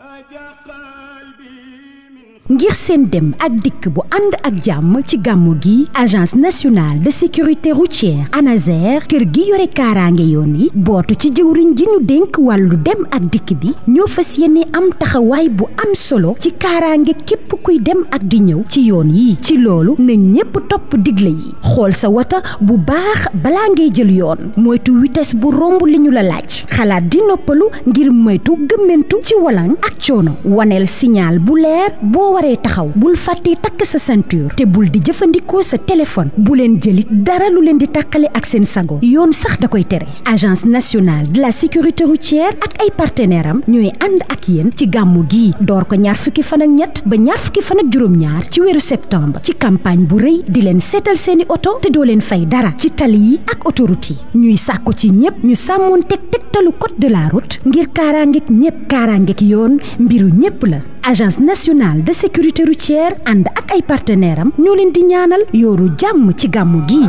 أجا قلبي ngir seen dem ak dikk bu ànd ak jàmm ci gàmmu gi agence nationale de sécurité routière ANASER kër gi yore kaaraange yoon yi bootu ci jëwriñ ji ñu dénk wàllu dem ak dikk bi ñoo fas yéene am taxawaay bu am solo ci kaaraange képp kuy dem ak di ñëw ci yoon yi ci loolu na ñépp topp digle yi xool sa wata bu baax balaa ngay jël yoon moytu vitesse bu romb li ñu la laaj xalaat di noppalu ngir moytu gëmmentu ci walang ak coono waneel signal bu leer waree taxaw bul fàtte takk sa ceinture te bul di jëfandikoo sa téléphone bu leen jëlit dara lu leen di tàqale ak seen sago yoon sax da koy tere agence nationale de la sécurité routière ak ay partenaire am ñooy ànd ak yéen ci gàmmu gi door ko ñaar fukki fan ak ñett ba ñaar fukki fan ak juróom-ñaar ci weeru septembre ci campagne bu rëy di leen seetal seeni oto te doo leen fay dara ci tali yi ak autoroute yi ñuy sàkku ci ñépp ñu sàmmoon teg teg njeextalu code de la route ngir kaaraangeeg ñëpp kaaraangeeg yoon mbiru ñëpp la agence nationale de sécurité rutière ànd ak ay partenaire am ñoo leen di ñaanal yooru jàmm ci gàmmu gi